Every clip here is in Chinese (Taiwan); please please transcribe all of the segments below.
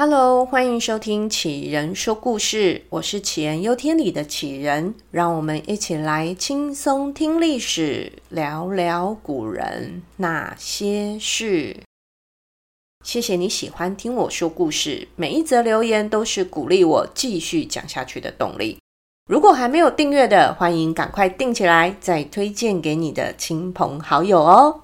Hello，歡迎收聽杞人說故事，我是杞人憂天裡的杞人，讓我們一起來輕鬆聽歷史，聊聊古人那些事。謝謝你喜歡聽我說故事，每一則留言都是鼓勵我繼續講下去的動力。如果還沒有訂閱的，歡迎趕快訂起來，再推薦給你的親朋好友哦。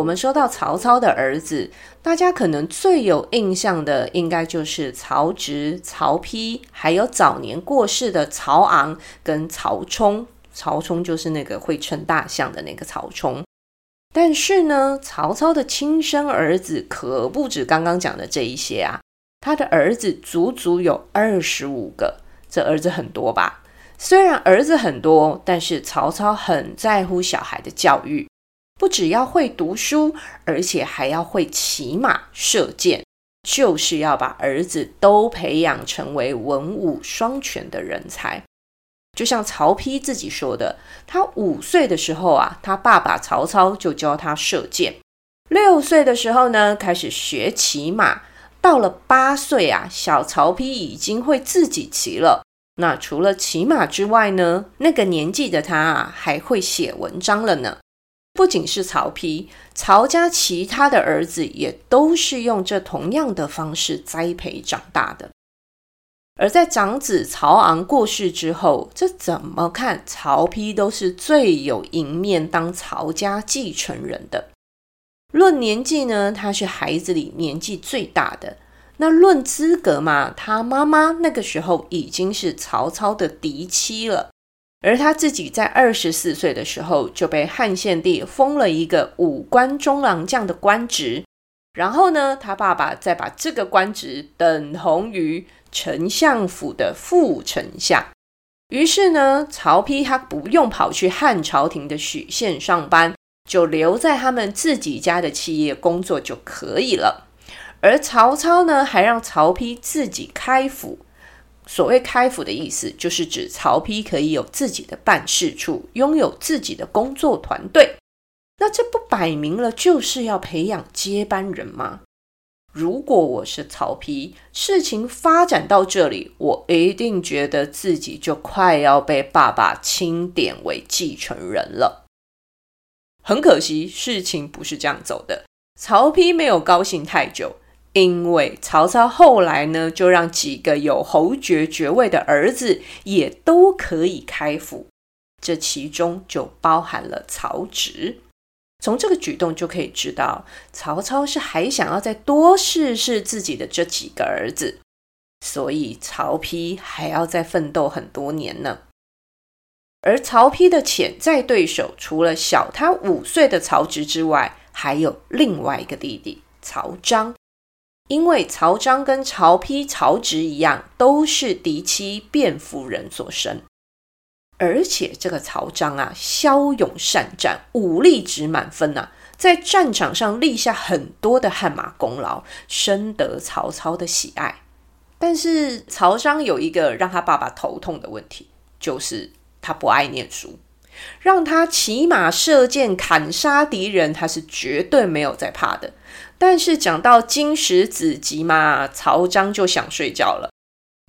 我們說到曹操的兒子，大家可能最有印象的，應該就是曹植、曹丕，還有早年過世的曹昂跟曹沖。曹沖就是那個會稱大象的那個曹沖。但是呢，曹操的親生兒子可不止剛剛講的這一些啊，他的兒子足足有二十五個。這兒子很多吧？雖然兒子很多，但是曹操很在乎小孩的教育。不只要會讀書，而且還要會騎馬射箭，就是要把兒子都培養成為文武雙全的人才。就像曹丕自己說的，他五歲的時候啊，他爸爸曹操就教他射箭；六歲的時候呢，開始學騎馬；到了八歲啊，小曹丕已經會自己騎了。那除了騎馬之外呢，那個年紀的他啊，還會寫文章了呢。不僅是曹丕，曹家其他的兒子也都是用這同樣的方式栽培長大的。而在長子曹昂過世之後，這怎麼看，曹丕都是最有贏面當曹家繼承人的。論年紀呢，他是孩子裡年紀最大的。那論資格嘛，他媽媽那個時候已經是曹操的嫡妻了。而他自己在二十四歲的時候就被漢獻帝封了一個五官中郎將的官職，然後呢，他爸爸再把這個官職等同於丞相府的副丞相。於是呢，曹丕他不用跑去漢朝廷的許縣上班，就留在他們自己家的企業工作就可以了。而曹操呢，還讓曹丕自己開府。所謂開府的意思，就是指曹丕可以有自己的辦事處，擁有自己的工作團隊。那這不擺明了就是要培養接班人嗎？如果我是曹丕，事情發展到這裡，我一定覺得自己就快要被爸爸欽點為繼承人了。很可惜，事情不是這樣走的。曹丕沒有高興太久。因為曹操後來呢，就讓幾個有侯爵爵位的兒子也都可以開府，這其中就包含了曹植。從這個舉動就可以知道，曹操是還想要再多試試自己的這幾個兒子，所以曹丕還要再奮鬥很多年呢。而曹丕的潛在對手，除了小他五歲的曹植之外，還有另外一個弟弟曹彰。因為曹彰跟曹丕、曹植一樣，都是嫡妻卞夫人所生，而且這個曹彰啊，驍勇善戰，武力值滿分啊，在戰場上立下很多的汗馬功勞，深得曹操的喜愛。但是曹彰有一個讓他爸爸頭痛的問題，就是他不愛念書。讓他騎馬射箭砍殺敵人，他是絕對沒有在怕的。但是講到經史子集嘛，曹彰就想睡覺了。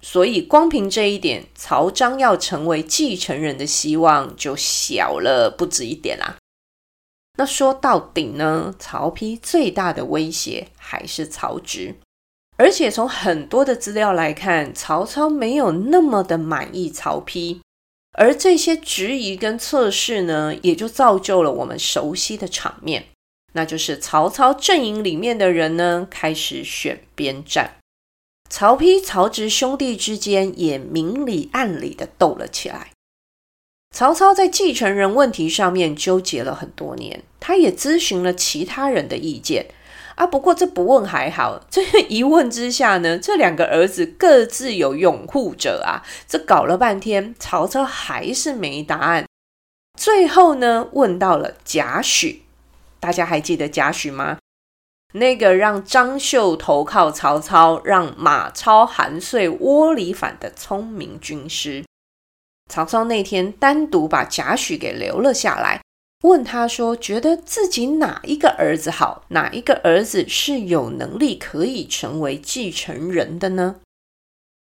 所以光憑這一點，曹彰要成為繼承人的希望就小了不止一點啦、啊。那說到底呢，曹丕最大的威脅還是曹植，而且從很多的資料來看，曹操沒有那麼的滿意曹丕。而這些質疑跟測試呢，也就造就了我們熟悉的場面，那就是曹操陣營裡面的人呢，開始選邊站，曹丕、曹植兄弟之間也明裡暗裡的鬥了起來。曹操在繼承人問題上面糾結了很多年，他也諮詢了其他人的意見。啊，不過這不問還好，這一問之下呢，這兩個兒子各自有擁護者啊。這搞了半天，曹操還是沒答案。最後呢，問到了賈詡，大家還記得賈詡嗎？那個讓張繡投靠曹操，讓馬超、韓遂窩裡反的聰明軍師。曹操那天單獨把賈詡給留了下來。問他說：“覺得自己哪一個兒子好，哪一個兒子是有能力可以成為繼承人的呢？”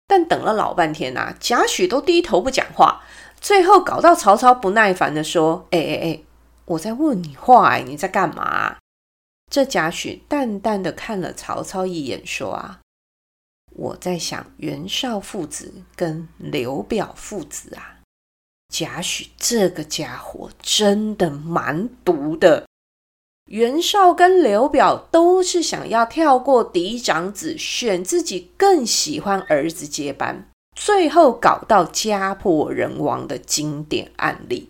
但等了老半天吶，啊，賈詡都低頭不講話。最後搞到曹操不耐煩的說：“哎哎哎，我在問你話誒，你在幹嘛？”這賈詡淡淡的看了曹操一眼，說：“啊，我在想袁紹父子跟劉表父子啊。”賈詡這個家夥真的蠻毒的。袁紹跟劉表都是想要跳過嫡長子，選自己更喜歡兒子接班，最後搞到家破人亡的經典案例。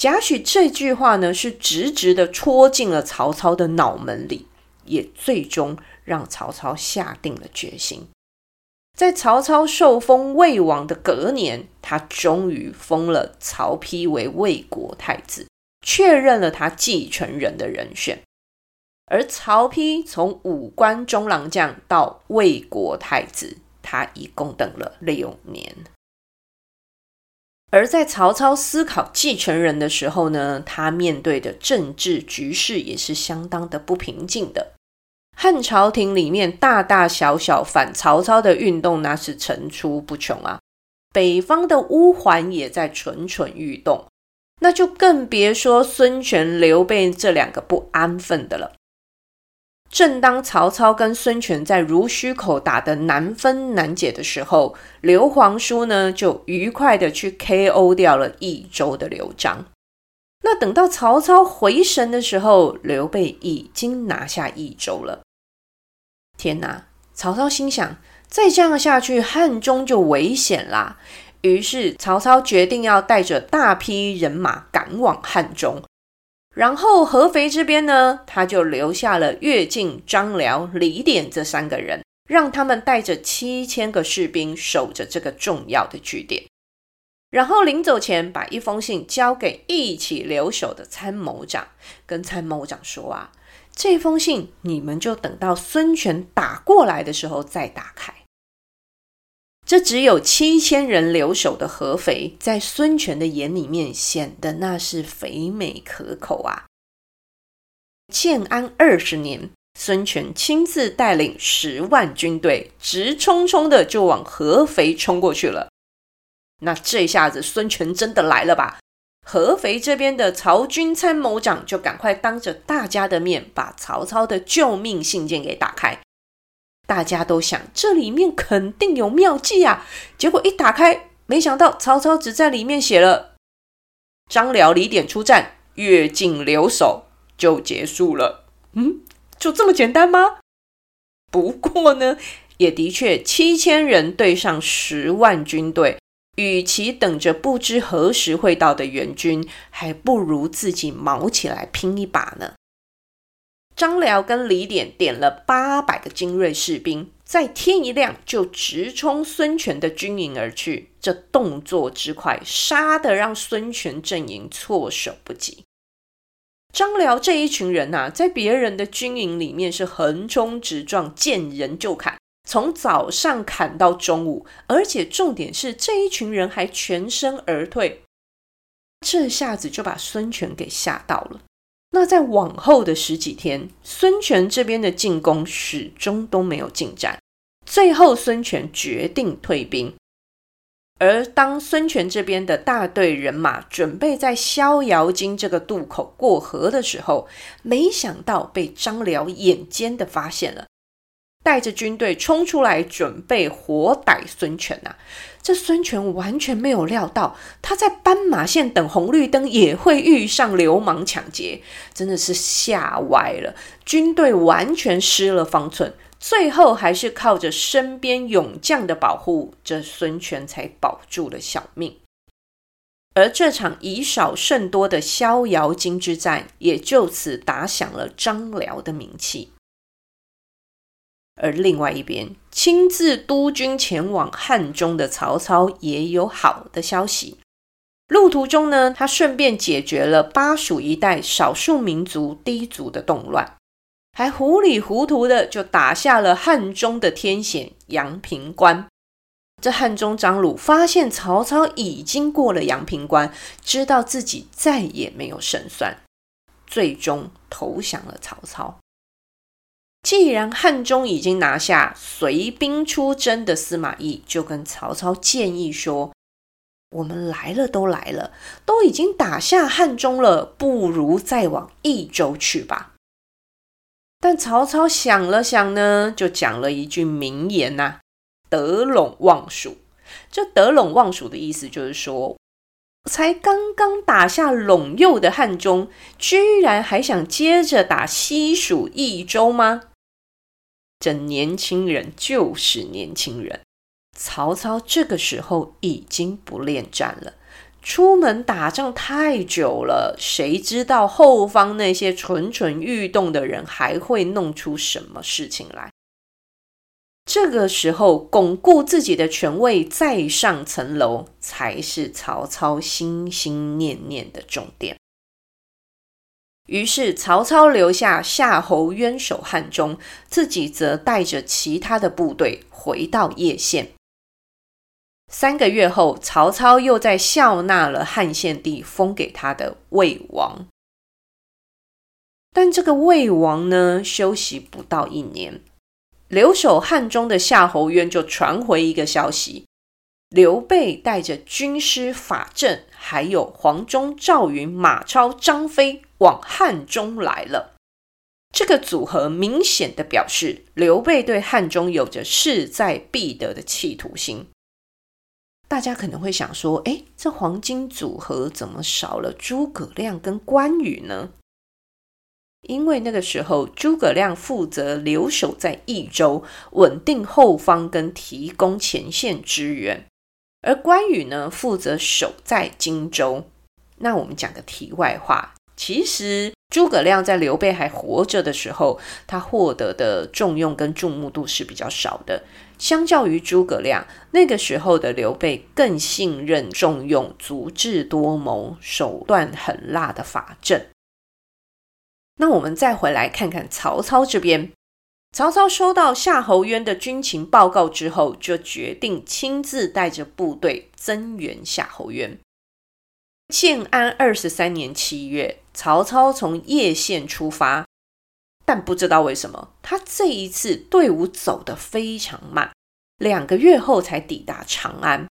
賈詡這句話呢，是直直的戳進了曹操的腦門裡，也最終讓曹操下定了決心。在曹操受封魏王的隔年，他終於封了曹丕為魏國太子，確認了他繼承人的人選。而曹丕從五官中郎將到魏國太子，他一共等了六年。而在曹操思考繼承人的時候呢，他面對的政治局勢也是相當的不平靜的。漢朝廷裡面大大小小反曹操的運動，那是層出不窮啊！北方的烏桓也在蠢蠢欲動，那就更別說孫權、劉備這兩個不安分的了。正當曹操跟孫權在濡須口打得難分難解的時候，劉皇叔呢就愉快的去 KO 掉了益州的劉璋。等到曹操回神的時候，劉備已經拿下益州了。天哪！曹操心想：再這樣下去，漢中就危險啦。於是，曹操決定要帶着大批人馬趕往漢中。然後合肥這邊呢，他就留下了樂進、張遼、李典這三個人，讓他們帶着七千個士兵守着這個重要的據點。然後臨走前，把一封信交給一起留守的參謀長，跟參謀長說啊：“這封信你們就等到孫權打過來的時候再打開。”這只有七千人留守的合肥，在孫權的眼裡面顯得那是肥美可口啊。建安二十年，孫權親自帶領十萬軍隊，直衝衝地就往合肥衝過去了。那這下子孫權真的來了吧？合肥這邊的曹軍參謀長就趕快當着大家的面把曹操的救命信件給打開，大家都想這裡面肯定有妙計啊。結果一打開，沒想到曹操只在裡面寫了“張遼、李典出戰，樂進留守”就結束了。嗯，就這麼簡單嗎？不過呢，也的確七千人對上十萬軍隊。與其等着不知何時會到的援軍，還不如自己卯起來拼一把呢。張遼跟李典點了八百個精銳士兵，在天一亮就直衝孫權的軍營而去。這動作之快，殺得讓孫權陣營措手不及。張遼這一群人吶、啊，在別人的軍營裡面是橫衝直撞，見人就砍。從早上砍到中午，而且重點是這一群人還全身而退，這下子就把孫權給嚇到了。那在往後的十幾天，孫權這邊的進攻始終都沒有進展，最後孫權決定退兵。而當孫權這邊的大隊人馬準備在逍遙津這個渡口過河的時候，沒想到被張遼眼尖地發現了。帶着軍隊衝出來，準備活逮孫權吶、啊！這孫權完全沒有料到，他在斑馬線等紅綠燈也會遇上流氓搶劫，真的是嚇歪了。軍隊完全失了方寸，最後還是靠着身邊勇將的保護，這孫權才保住了小命。而這場以少勝多的逍遙津之戰，也就此打響了張遼的名氣。而另外一邊，親自督軍前往漢中的曹操也有好的消息。路途中呢，他順便解決了巴蜀一帶少數民族氐族的動亂，還糊裡糊塗的就打下了漢中的天險陽平關。這漢中張魯發現曹操已經過了陽平關，知道自己再也沒有勝算，最終投降了曹操。既然漢中已經拿下，隨兵出征的司馬懿就跟曹操建議說：“我們來了都來了，都已經打下漢中了，不如再往益州去吧。”但曹操想了想呢，就講了一句名言吶、啊：“得隴望蜀。”這“得隴望蜀”的意思就是說，才剛剛打下隴右的漢中，居然還想接着打西蜀益州嗎？這年輕人就是年輕人。曹操這個時候已經不戀戰了，出門打仗太久了，誰知道後方那些蠢蠢欲動的人還會弄出什麼事情來？這個時候，鞏固自己的權位，再上層樓，才是曹操心心念念的重點。於是曹操留下夏侯淵守漢中，自己則帶着其他的部隊回到鄴縣。三個月後，曹操又在笑納了漢獻帝封給他的魏王。但這個魏王呢，休息不到一年，留守漢中的夏侯淵就傳回一個消息：劉備帶着軍師法正。還有黃忠、趙雲、馬超、張飛往漢中來了，這個組合明顯地表示劉備對漢中有着勢在必得的企圖心。大家可能會想說：“哎，這黃金組合怎麼少了諸葛亮跟關羽呢？”因為那個時候，諸葛亮負責留守在益州，穩定後方跟提供前線支援。而關羽呢，負責守在荊州。那我們講個題外話，其實諸葛亮在劉備還活着的時候，他獲得的重用跟注目度是比較少的，相較於諸葛亮那個時候的劉備，更信任重用足智多謀、手段狠辣的法正。那我們再回來看看曹操這邊。曹操收到夏侯淵的軍情報告之後，就決定親自帶着部隊增援夏侯淵。建安二十三年七月，曹操從鄴縣出發，但不知道為什麼，他這一次隊伍走得非常慢，兩個月後才抵達長安。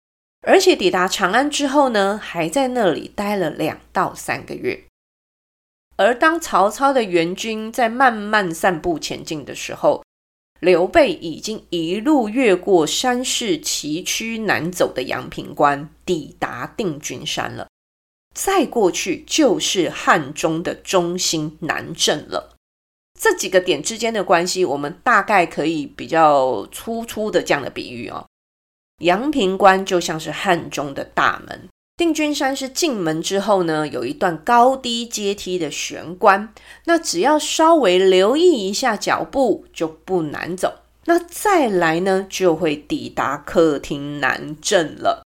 而且抵達長安之後呢，還在那裡待了兩到三個月。而當曹操的援軍在慢慢散步前進的時候，劉備已經一路越過山勢崎嶇難走的陽平關，抵達定軍山了。再過去就是漢中的中心南鄭了。這幾個點之間的關係，我們大概可以比較粗粗的這樣的比喻哦：陽平關就像是漢中的大門。定軍山是進門之後呢，有一段高低階梯的玄關，那只要稍微留意一下腳步就不難走。那再來呢，就會抵達客廳南鄭了。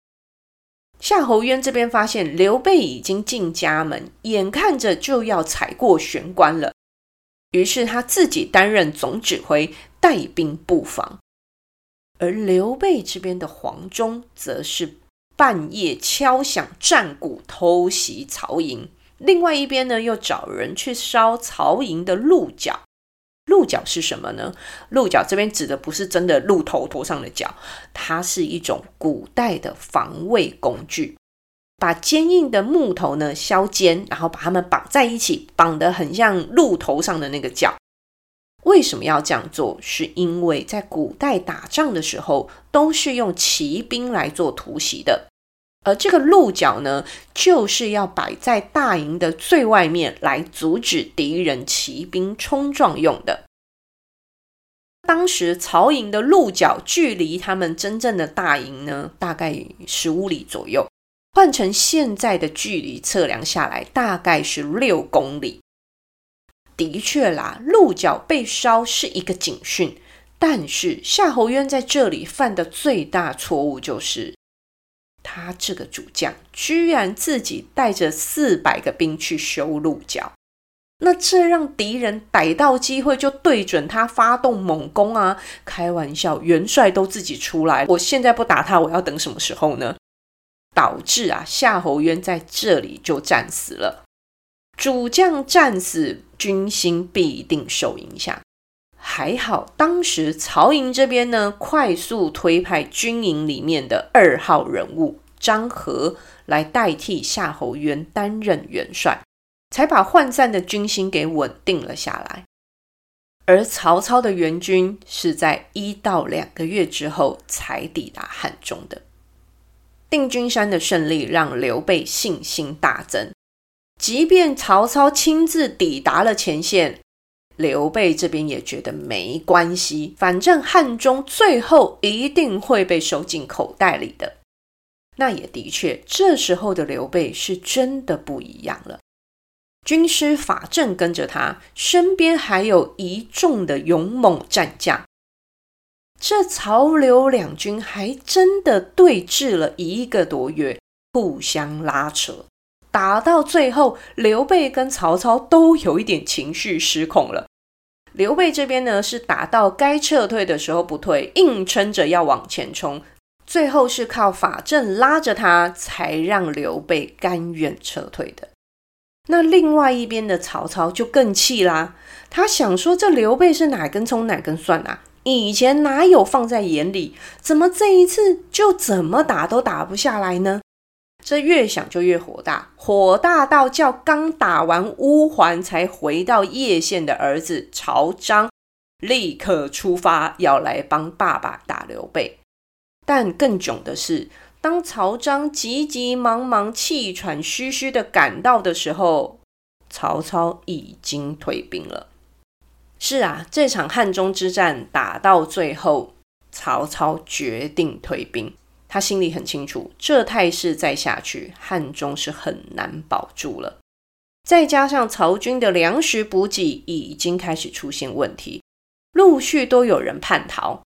夏侯淵這邊發現劉備已經進家門，眼看着就要踩過玄關了，於是他自己擔任總指揮，帶兵布防，而劉備這邊的黃忠則是。半夜敲響戰鼓偷襲曹營，另外一邊呢，又找人去燒曹營的鹿角。鹿角是什麼呢？鹿角這邊指的不是真的鹿頭頭上的角，它是一種古代的防衛工具。把堅硬的木頭呢削尖，然後把它們綁在一起，綁得很像鹿頭上的那個角。為什麼要這樣做？是因為在古代打仗的時候，都是用騎兵來做突襲的。而這個鹿角呢，就是要擺在大營的最外面，來阻止敵人騎兵衝撞用的。當時曹營的鹿角距離他們真正的大營呢，大概十五里左右。換成現在的距離測量下來，大概是六公里。的確啦，鹿角被燒是一個警訊，但是夏侯淵在這裡犯的最大錯誤就是。他這個主將居然自己帶着四百個兵去修鹿角，那這讓敵人逮到機會就對準他發動猛攻啊！開玩笑，元帥都自己出來，我現在不打他，我要等什麼時候呢？導致啊，夏侯淵在這裡就戰死了。主將戰死，軍心必定受影響。還好，當時曹營這邊呢，快速推派軍營裡面的二號人物張郃來代替夏侯淵擔任元帥，才把渙散的軍心給穩定了下來。而曹操的援軍是在一到兩個月之後才抵達漢中的。定軍山的勝利讓劉備信心大增。即便曹操親自抵達了前線。劉備這邊也覺得沒關係，反正漢中最後一定會被收進口袋裡的。那也的確，這時候的劉備是真的不一樣了。軍師法正跟着他，身邊還有一眾的勇猛戰將。這曹劉兩軍還真的對峙了一個多月，互相拉扯，打到最後，劉備跟曹操都有一點情緒失控了。劉備這邊呢，是打到該撤退的時候不退，硬撐着要往前衝，最後是靠法正拉着他，才讓劉備甘願撤退的。那另外一邊的曹操就更氣啦、啊，他想說這劉備是哪根蔥哪根蒜啊？以前哪有放在眼裡，怎麼這一次就怎麼打都打不下來呢？這越想就越火大，火大到叫剛打完烏桓才回到葉縣的兒子曹彰立刻出發，要來幫爸爸打劉備。但更囧的是，當曹彰急急忙忙、氣喘吁吁的趕到的時候，曹操已經退兵了。是啊，這場漢中之戰打到最後，曹操決定退兵。他心裡很清楚，這態勢再下去，漢中是很難保住了。再加上曹軍的糧食補給已經開始出現問題，陸續都有人叛逃。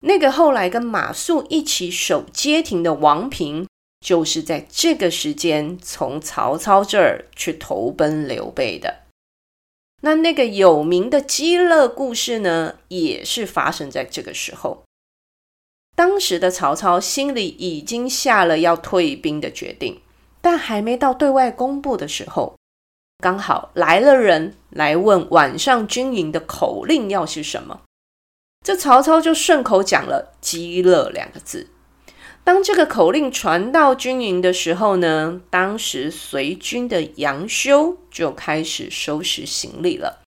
那個後來跟馬謖一起守街亭的王平，就是在這個時間從曹操這兒去投奔劉備的。那那個有名的“雞肋”故事呢，也是發生在這個時候。當時的曹操心裡已經下了要退兵的決定，但還沒到對外公布的時候，剛好來了人來問晚上軍營的口令要是什麼，這曹操就順口講了“雞肋”兩個字。當這個口令傳到軍營的時候呢，當時隨軍的楊修就開始收拾行李了。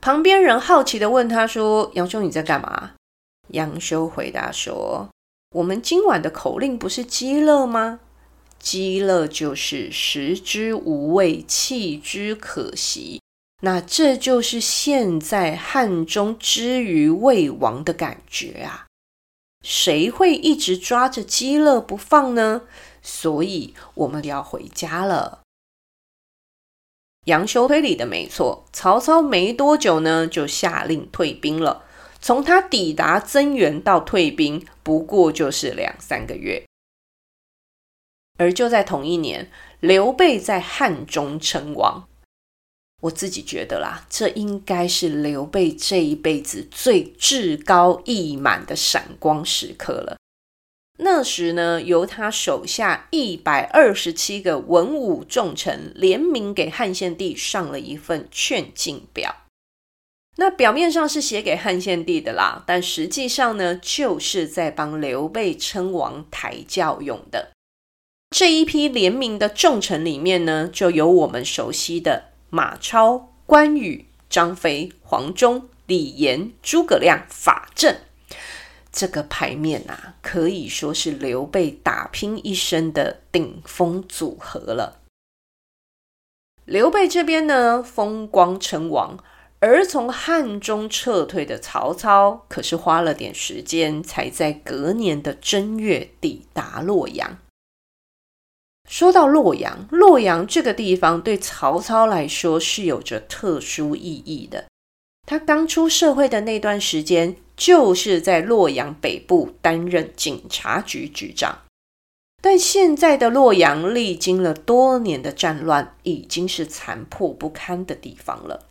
旁邊人好奇地問他說：“楊修，你在幹嘛？”楊修回答說：“我們今晚的口令不是‘雞肋’嗎？‘雞肋’就是食之無味，棄之可惜。那這就是現在漢中之於魏王的感覺啊！誰會一直抓着‘雞肋’不放呢？所以我們要回家了。”楊修推理的沒錯，曹操沒多久呢，就下令退兵了。從他抵達增援到退兵，不過就是兩三個月。而就在同一年，劉備在漢中稱王。我自己覺得啦，這應該是劉備這一輩子最志高意滿的閃光時刻了。那時呢，由他手下一百二十七個文武重臣聯名給漢獻帝上了一份勸進表。那表面上是寫給漢獻帝的啦，但實際上呢，就是在幫劉備稱王抬轎用的。這一批聯名的重臣裡面呢，就有我們熟悉的馬超、關羽、張飛、黃忠、李嚴、諸葛亮、法正。這個牌面啊，可以說是劉備打拼一生的頂峰組合了。劉備這邊呢，風光稱王。而從漢中撤退的曹操，可是花了點時間，才在隔年的正月抵達洛陽。說到洛陽，洛陽這個地方對曹操來說是有着特殊意義的。他剛出社會的那段時間，就是在洛陽北部擔任警察局局長。但現在的洛陽歷經了多年的戰亂，已經是殘破不堪的地方了。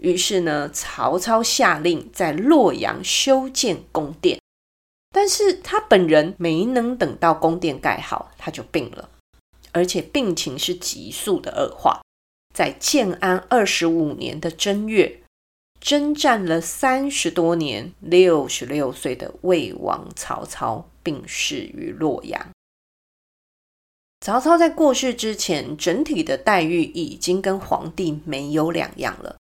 於是呢，曹操下令在洛陽修建宮殿，但是他本人沒能等到宮殿蓋好，他就病了，而且病情是急速的惡化。在建安二十五年的正月，征戰了三十多年，六十六歲的魏王曹操病逝於洛陽。曹操在過世之前，整體的待遇已經跟皇帝沒有兩樣了。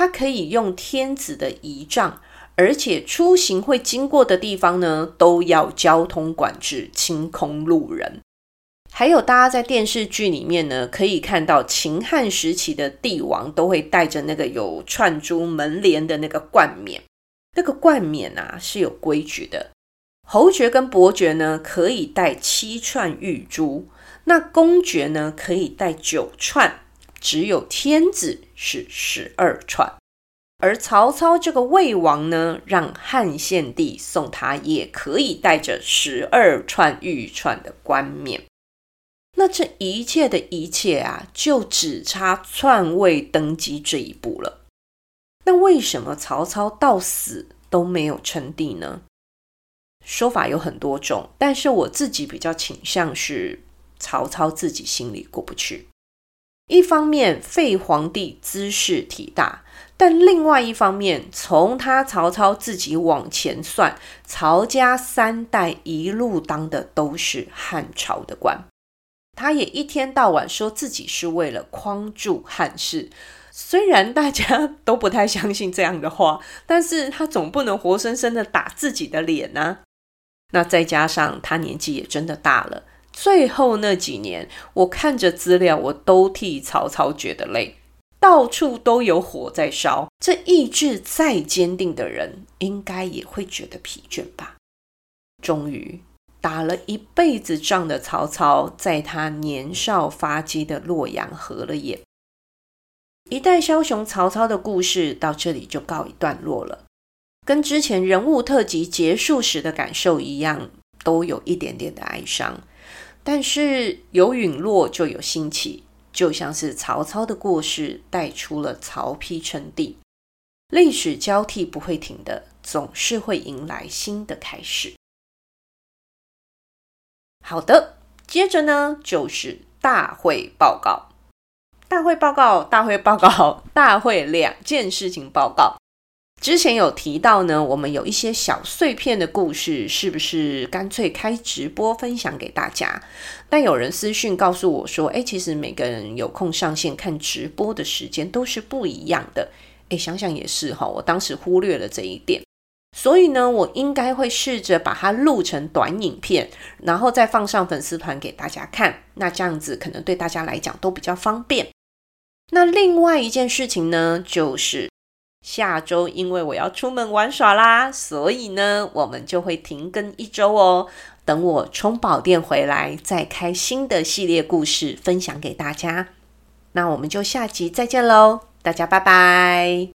他可以用天子的儀仗，而且出行會經過的地方呢，都要交通管制、清空路人。還有，大家在電視劇裡面呢，可以看到秦漢時期的帝王都會帶着那個有串珠門簾的那個冠冕。那個冠冕啊是有規矩的，侯爵跟伯爵呢可以帶七串玉珠，那公爵呢可以帶九串。只有天子是十二串，而曹操這個魏王呢，讓漢獻帝送他也可以帶着十二串玉串的冠冕。那這一切的一切啊，就只差篡位登基這一步了。那為什麼曹操到死都沒有稱帝呢？說法有很多種，但是我自己比較傾向是曹操自己心裡過不去。一方面廢皇帝茲事體大，但另外一方面，從他曹操自己往前算，曹家三代一路當的都是漢朝的官，他也一天到晚說自己是為了匡助漢室，雖然大家都不太相信這樣的話，但是他總不能活生生的打自己的臉吶、啊，那再加上他年紀也真的大了。最後那幾年，我看着資料，我都替曹操覺得累。到處都有火在燒，這意志再堅定的人，應該也會覺得疲倦吧。終於，打了一輩子仗的曹操，在他年少發跡的洛陽合了眼。一代梟雄曹操的故事到這裡就告一段落了。跟之前人物特輯結束時的感受一樣，都有一點點的哀傷。但是有隕落，就有興起，就像是曹操的故事帶出了曹丕稱帝。歷史交替不會停的，總是會迎來新的開始。好的，接着呢就是大會報告，大會報告，大會報告，大會兩件事情報告。之前有提到呢，我們有一些小碎片的故事，是不是乾脆開直播分享給大家？但有人私訊告訴我說：“誒，其實每個人有空上線看直播的時間都是不一樣的。”誒，想想也是哈，我當時忽略了這一點。所以呢，我應該會試着把它錄成短影片，然後再放上粉絲團給大家看。那這樣子可能對大家來講都比較方便。那另外一件事情呢，就是。下週因為我要出門玩耍啦，所以呢，我們就會停更一周哦。等我充飽電回來，再開新的系列故事分享給大家。那我們就下集再見嘍，大家拜拜。